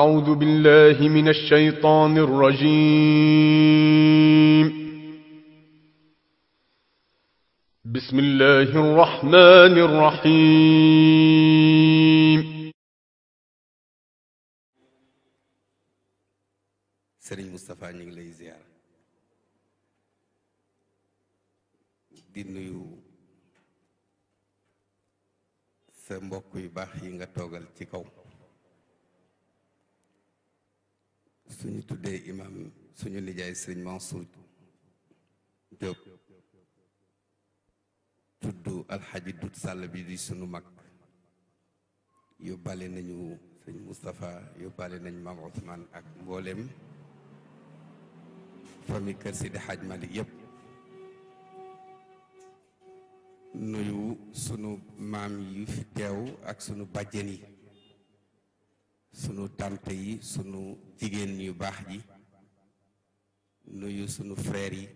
أعوذ بالله من الشيطان الرجيم بسم الله الرحمن الرحيم سري مصطفى نيغلي زيار دي نيو سمبوك يباخ ييغا توغال سي suñu tuddee imam suñu nijaay sëñ Mansour Diop tudd alxaji dut sàll bi di sunu mag yóbbaale nañu sëñ Moustapha yóbbaale nañ maam Ousmane ak mbooleem famille kër Sidi Xaaj Malik yëpp nuyu sunu maam yi fi teew ak sunu bàjjen yi sunu tante yi sunu jigéen yu baax ji nuyu sunu frère yi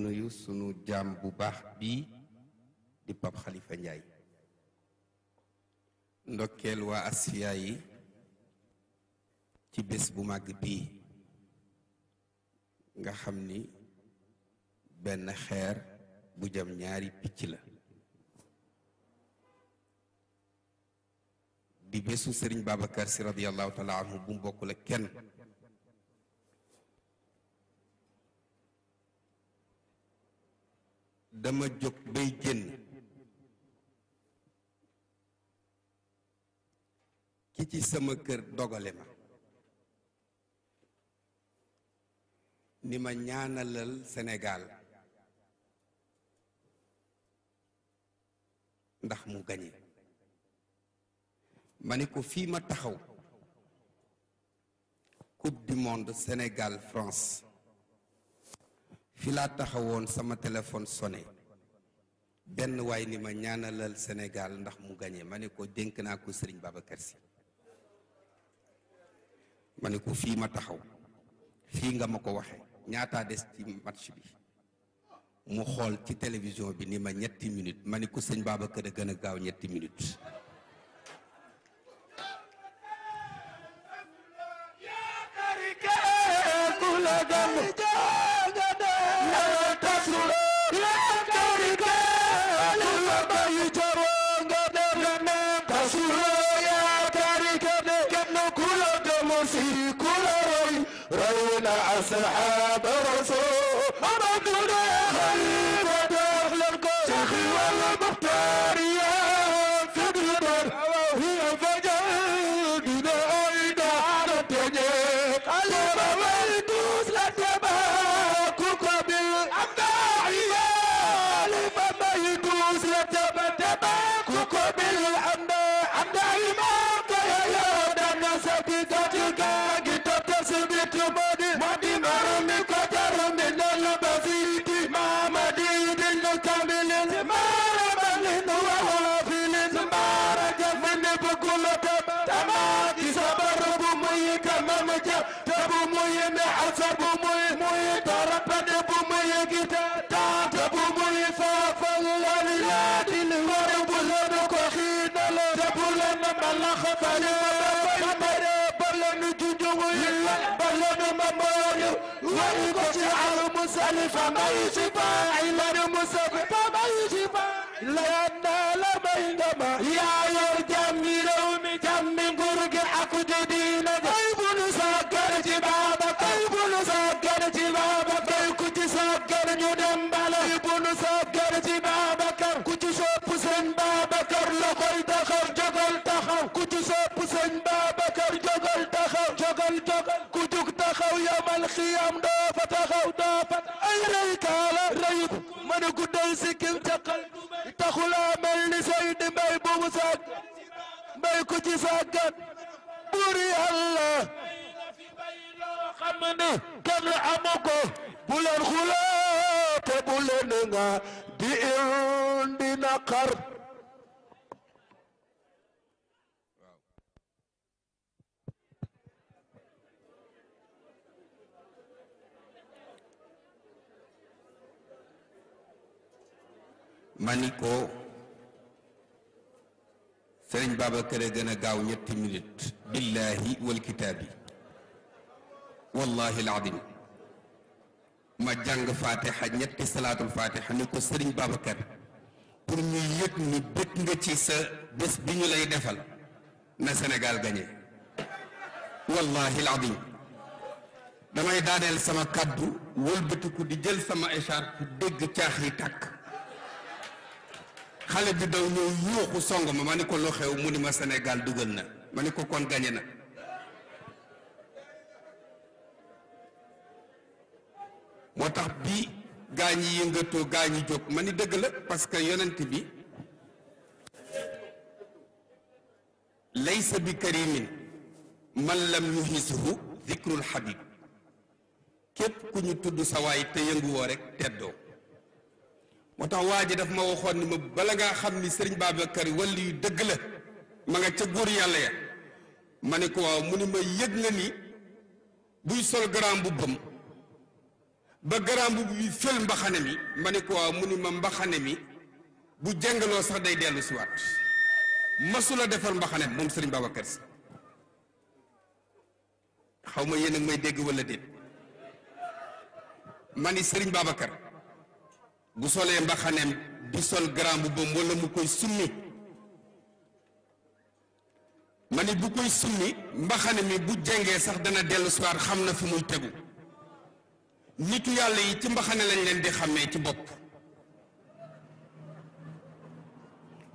nuyu sunu jaam bu baax bii di Pape Khalifa Ndiaye ndokkeel waa asfiya yi ci bés bu màgg bii nga xam ni benn xeer bu jam ñaari picc la di bésu sëriñ Babacar si radiallahu taala bu mu bokkul ak kenn dama jóg bay génn ki ci sama kër dogale ma ni ma ñaanalal senegaal ndax mu gañe ma ne ko fii ma taxaw coupe du monde Sénégal France fi laa taxawoon sama téléphone sonné benn waay ni ma ñaanalal Sénégal ndax mu gañe ma ne ko dénk naa ko Serigne Babacar Sy ma ne ko fii ma taxaw fii nga ma ko waxe ñaataa des ci match bi mu xool ci télévision bi ni ma ñetti minute ma ne ko sëñ Babacar a gën a gaaw ñetti minute أصحاب الرسول ومدنا خليفة أهل القرى والمختار يا فقر هي فجر بنا فما يجب فما يجب لا ينال ما ينام Babacar taxaw jógal taxaw ku ci sopp sëñ Babacar jógal taxaw jógal jógal ku jug taxaw yamal xiyam doo fa taxaw doo fa ay rëy kaala rëyut mën a guddal sikkim caqal taxulaa mel ni say di mbay bu mu sàgg mbay ku ci sàggat buur yàlla xam ne kenn amu ko bu leen xuloo te bu leen nga di indi naqar maniko serigne babakar gëna gaaw ñett minute billahi wal kitabi wallahi aladim ma jàng fatiha ñetti salaatul fatiha ni ko sëriñ Babacar pour ñu yëk ni bëgg nga ci sa bés bi ñu lay defal na Sénégal gagné wallahi aladim damay daaneel sama kàddu wolbeutiku di jël sama écharpe dégg caax yi tak xale bi daw ñëw yuuxu song ma ma ni ko lu mu ni ma Sénégal dugal na ma ne ko kon gañe na moo tax bi gaa ñi yëngatoo gaa ñi jóg ma ni dëgg la parce que yonent bi laysa bi karimin man lam yuhishu zikrul habib képp ku ñu tudd sa waay te yënguwoo rek teddoo moo tax waa ji daf ma waxoon ni ma bala ngaa xam ni Serigne Babacar wàllu yu dëgg la ma nga ca góor yàlla ya ma ne ko waaw mu ni ma yëg nga ni buy sol grand mbubbam ba grand mbubb bi fël mbaxane mi ma ne ko waaw mu ni ma mbaxane mi bu jàngaloo sax day dellu si waat masula defar mbaxane moom Serigne Babacar yéen may dégg wala déet ma ni bu solee mbaxaneem di sol grand bu bam wala mu koy summi ma ni bu koy summi mbaxane mi bu jengee sax dana dellu soir xam na fi muy tegu nitu yàlla yi ci mbaxane lañ leen di xàmmee ci bopp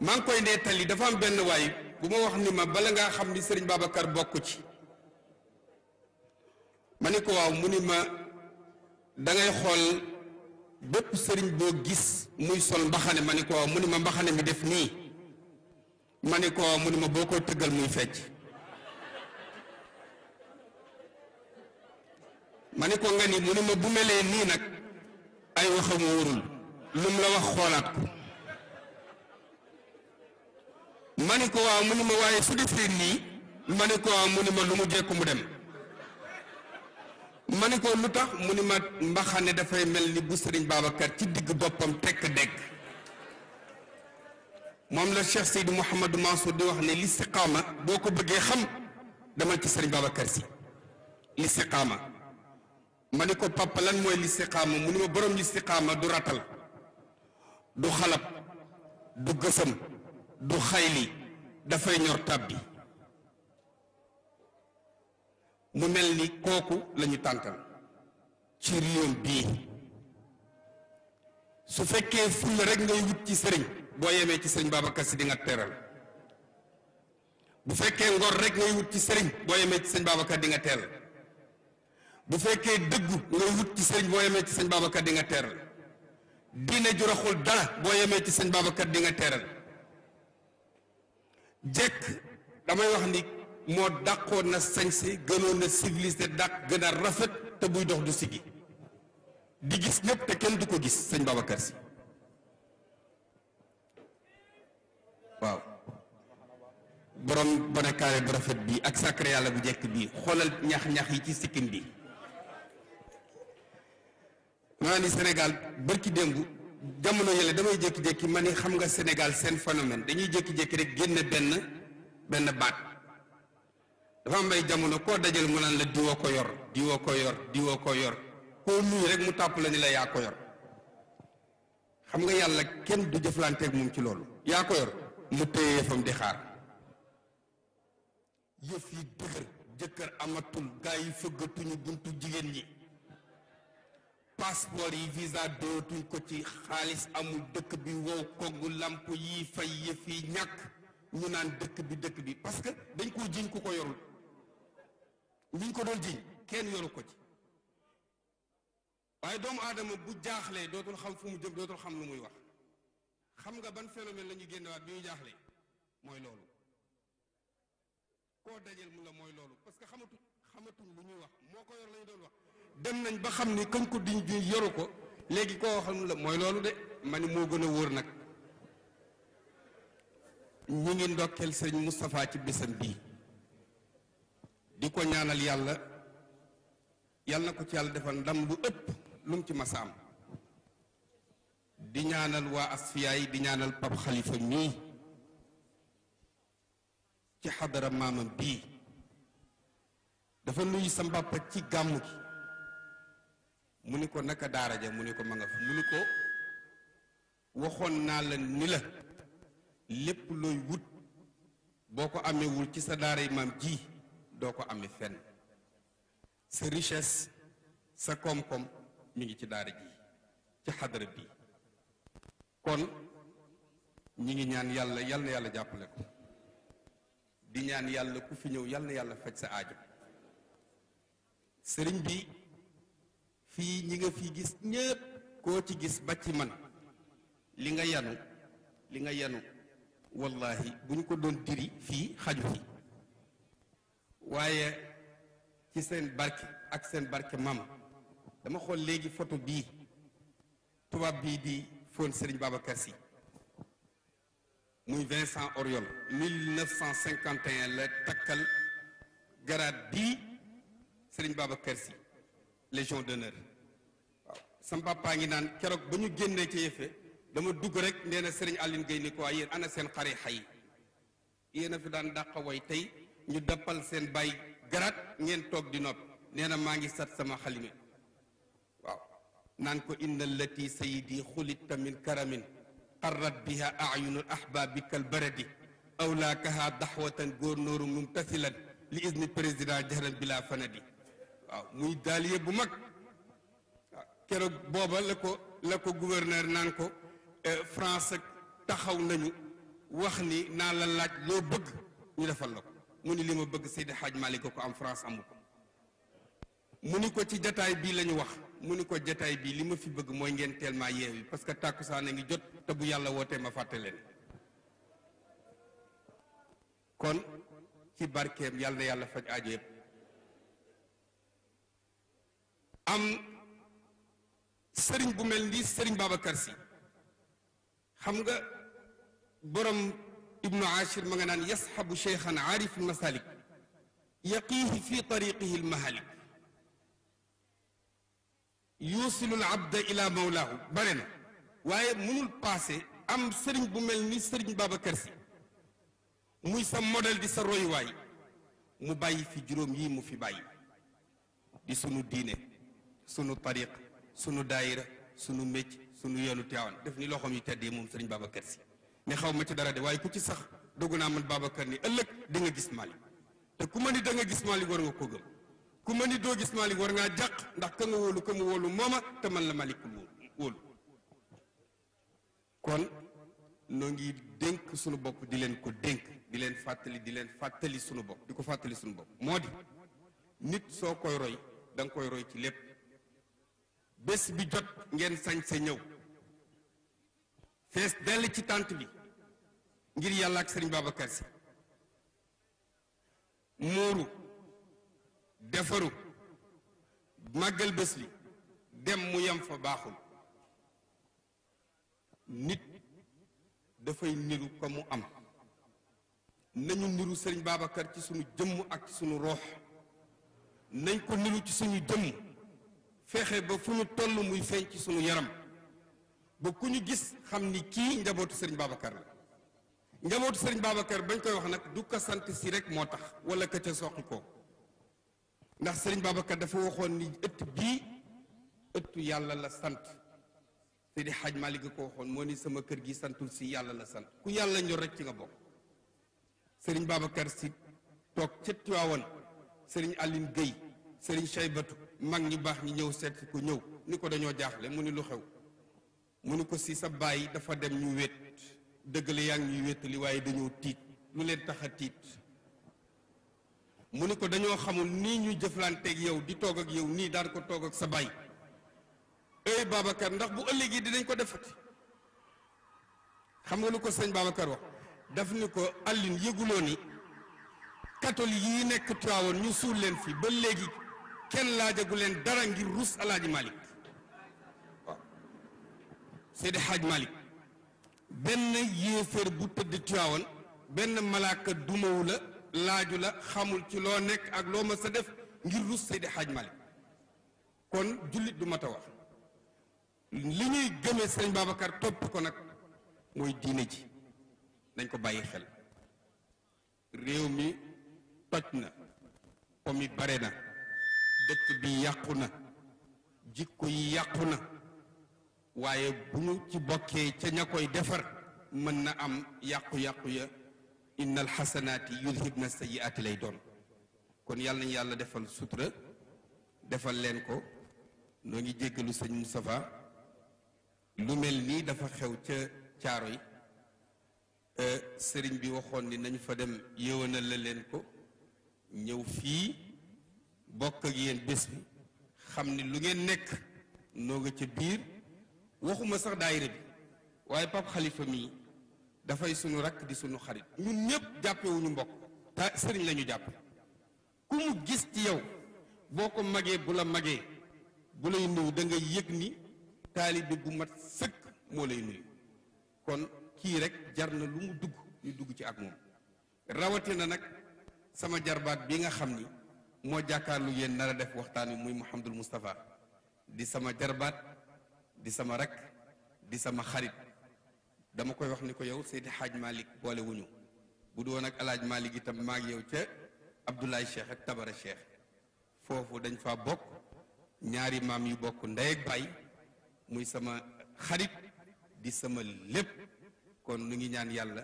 maa ngi koy nettali dafa am benn waay bu ma wax ni ma bala ngaa xam ni sëriñ Babacar bokk ci ma ni ko waaw mu ni ma dangay xool bépp sëriñ boo gis muy sol mbaxane ma ni ko mu ni ma mbaxane mi def nii ma ne ko mu boo koy tëggal muy fecc ma ni ko nga ni mu ni ma bu melee nii nag ay waxam wóorul lu mu la wax xoolaat ko ma ni ko waaw mu ni ma waaye su defee nii ma ni ko waaw mu ne ma lu mu jekku mu dem ma ne ko lu tax mu ni ma mbaxane dafay mel ni bu sëriñ Babacar ci digg boppam tekk degg moom la Cheikh Seydi Mouhamadou Mansour di wax ne listiqaama boo ko bëggee xam demal ci sëriñ Babacar si listiqaama ma ne ko lan mooy listiqaama mu ni ma borom listiqaama du ratal du xalab du gësam du xayli dafay ñor tàbbi mu mel ni kooku la ñu tàntal ci réew bii su fekkee fulla rek ngay wut ci sëriñ boo yemee ci sëriñ Babacar Sy di nga teral bu fekkee ngor rek ngay wut ci sëriñ boo yemee ci sëriñ Babacar di nga teral bu fekkee dëggu ngay wut ci sëriñ boo yemee ci sëriñ Babacar di nga teral diine ju raxul dara boo yemee ci sëriñ Babacar di nga teral jekk damay wax ni moo dàqoon na sañse gënoon na civilisé dàq gën a rafet te buy dox du sigi di gis ñëpp te kenn du ko gis sëñ Babacar si waaw borom bonekaare bu rafet bii ak sacré yàlla bu jekk bii xoolal ñax-ñax yi ci sikkim bi maa ni Sénégal bërki démb jamono yële damay jékki-jékki ma ni xam nga Sénégal seen phénomène dañuy jékki-jékki rek génn benn benn baat dafa am jamono koo dajal mu naan la diwoo ko yor diwoo ko yor diwoo ko yor koo nuyu rek mu tàpp la ni la yaa ko yor xam nga yàlla kenn du jëflanteeg moom ci loolu yaa ko yor mu téye yëfam di xaar yëf yi dëgër jëkkër amatul gaa yi fëggatuñu buntu jigéen ñi passeport yi visa dootuñ ko ci xaalis amul dëkk bi wow koggu làmp yi fay yëf yi ñàkk mu naan dëkk bi dëkk bi parce que dañ koo jiñ ku ko yorul liñ ko doon jiñ kenn yoru ko ci waaye doomu aadama bu jaaxlee dootul xam fu mu jëm dootul xam lu muy wax xam nga ban phénomène la ñu génnewaat bi ñu jaaxlee mooy loolu koo dajeel mu la mooy loolu parce que xamatu xamatuñ lu ñuy wax moo ko yor la doon wax dem nañ ba xam ni kañ ko diñ ju yoru ko léegi koo xam la mooy loolu de ma ni moo gën a wóor nag ñu ngi ndokkeel sëriñ Moustapha ci bésam bii di ko ñaanal yàlla yàlla na ko ci yàlla defal ndam bu ëpp lu mu ci masa am di ñaanal waa asfiya yi di ñaanal pap xalifa mii ci xadara maamam bii dafa nuyu sa mbàppa ci gàmm gi mu ni ko naka daara ja mu ni ko ma nga fa mu ni ko waxoon naa la ni la lépp looy wut boo ko amewul ci sa daara yi maam ji doo ko amee fenn sa richesse sa koom-koom mi ngi ci daara ji ci xadara bi kon ñi ngi ñaan yàlla yal yàlla jàppale ko di ñaan yàlla ku fi ñëw yàlla yàlla faj sa aajo sëriñ bi fii ñi nga fi gis ñépp koo ci gis ba ci man li nga yanu li nga yanu wallahi bu ñu ko doon diri fii xaju fi waaye ci seen barke ak seen barke maam dama xool léegi photo bii tubaab bii di fóon Serigne Babacar Sy muy Vincent Auriol 1951 la takkal garaat bii Serigne Babacar Sy légion d'honneur waaw sam papa ngi naan keroog ba ñu génnee ci yëfe dama dugg rek nee na Serigne Aline Gueye ni ko yéen ana seen xare xay yéen a fi daan dàqa way tey ñu dappal seen bay garat ngeen toog di nopp nee na maa ngi sat sama xalime waaw naan ko inna allati sayidi xulitta min karamin qarrat biha ayunu ahbabi kal baradi awlaakaha daxwatan góor nóoru mumtasilan li isni président jaran bila fanadi waaw muy daaliye bu mag waaw keroog booba la ko la ko gouverneur naan ko eh, France taxaw nañu wax ni naa la laaj loo bëgg ñu defal la ko mu ni li ma bëgg Seydi Hadj Malick ko am France amu ko mu ni ko ci jataay bii la wax mu ni ko jataay bii li ma fi bëgg mooy ngeen teel maa yeewi parce que tàkkusaan a ngi jot te bu yàlla wootee ma fàtte leen kon ci barkeem yàlla na yàlla faj aajo yëpp am sëriñ bu mel ni sëriñ Babacar Sy xam nga borom ibnu ashir ma nga naan yasxabu cheikhan aarif masalik yaqiihi fi tariqihi lmahalik yuusilu labda ila mawlaahu bare na waaye mënul paase am sëriñ bu mel ni sëriñ Babacar Si muy sa model di sa royuwaay mu bàyyi fi juróom yii mu fi bàyyi di sunu diine sunu tariq sunu daayira sunu mécc sunu yoonu teewaan def ni loxoom yi tedd yi moom sëriñ Babacar Si ni xaw ma ci dara de waaye ku ci sax dugg naa man Babacar ni ëllëg di gis Malick te ku ma ni da gis Malick war nga ko gëm ku ma ni doo gis Malick war ngaa jàq ndax ka nga wóolu ka mu wóolu mooma te man la Malick wóolu kon noo ngi dénk sunu bopp di leen ko dénk di leen fàttali di leen fàttali sunu bopp di ko fàttali suñu bopp moo di nit soo koy roy danga koy roy ci lépp bés bi jot ngeen sañ sa ñëw fees dell ci tànt bi ngir yàlla ak sëriñ Babacar si muuru defaru màggal bés li dem mu yem fa baaxul nit dafay niru ko mu am nañu niru sëriñ Babacar ci sunu jëmm ak ci sunu roox nañ ko niru ci suñu jëmm fexe ba fu ñu toll muy feeñ ci sunu yaram ba ku ñu gis xam ni kii njabootu sëriñ Babacar la njabootu sëriñ Babacar bañ koy wax nag du ko sant si rek moo tax wala ka ca soqi ko ndax sëriñ Babacar dafa waxoon ni ëtt bii ëttu yàlla la sant Seydi Hadj Malick ko waxoon moo ni sama kër gi santul si yàlla la sant ku yàlla ñor rek ci nga bokk sëriñ Babacar si toog ca Tiwaawan sëriñ Aline géy sëriñ Chaybatu mag ñi baax ñi ñëw seet ku ñëw ni ko dañoo jaaxle mu ni lu xew mu ni ko si sa baay dafa dem ñu wéet dëgg la yaa ngi ñuy wéttali waaye dañoo tiit lu leen tax a tiit mu ni ko dañoo xamul nii ñu jëflanteeg yow di toog ak yow nii daan ko toog ak sa baay ey Babacar ndax bu ëllëgee dinañ ko defat xam nga lu ko sëñ Babacar wax daf ni ko allin yëguloo ni catholique yi nekk Tiwaawoon ñu suul leen fii ba léegi kenn laajagu leen dara ngir rus Alaaji Malick waaw Seydi Hadj Malick benn yéeféer bu tëdd Tiwaawan benn malaaka dumawu la laaju la xamul ci loo nekk ak loo ma sa def ngir rus Seydi Hajj Malik kon jullit du mat a wax li ñuy gëmee sëñ Babacar topp ko nag mooy diine ji dañ ko bàyyi xel réew mi toj na po bare na dëkk bi yàqu na jikko yi yàqu na waaye bu ñu ci bokkee ca ña koy defar mën na am yàqu-yàqu ya inna alxasanaati yudhibna sayiaati lay doon kon yàlla nañu yàlla defal sutura defal leen ko noo ngi jéggalu sëñ Moustapha lu mel nii dafa xew ca caaro yi euh, sëriñ bi waxoon ni nañu fa dem yéwénal la leen ko ñëw fii bokk ak yéen bés bi xam ni lu ngeen nekk noo nga ca biir waxuma sax daayira bi waaye Pape xalifa mii dafay sunu rakk di sunu xarit ñun ñëpp jàppewuñu mbokk ta sëriñ la jàpp ku mu gis ci yow boo ko magee bu la magee bu lay nuyu da yëg ni taalibe bu mat sëkk moo lay nuyu kon kii rek jar na lu mu dugg ñu dugg ci ak moom rawatina nag sama jarbaat bi nga xam ni moo jàkkaarlu yéen nar def waxtaan wi muy Mouhamadul Moustapha di sama jarbaat di sama rakk di sama xarit dama koy wax ni ko yow Seydi xaaj Malick boole wuñu bu doon ak alaaj Malick itam maag yow ca Abdoulaye Cheikh ak Tabara Cheikh foofu dañ fa bokk ñaari maam yu bokk ndey ak baay muy sama xarit di sama lépp kon nu ngi ñaan yàlla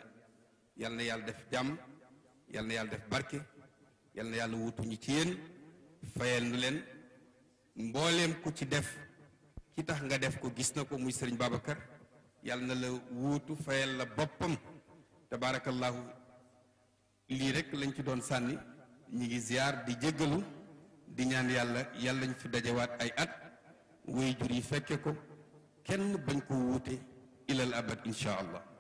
yal na yàlla def jàmm yal na yàlla def barke yal yàlla wutuñu ci yéen fayal nu leen mbooleem ku ci def ki tax nga def ko gis na ko muy sëriñ Babacar yàlla na la wuutu fayal la boppam tabaarakallaahu lii rek lañ ci doon sànni ñi ngi ziar di jéggalu di ñaan yàlla yàlla ñu fi dajawaat ay at way jur yi fekke ko kenn bañ ko wuute ilal abad insha allah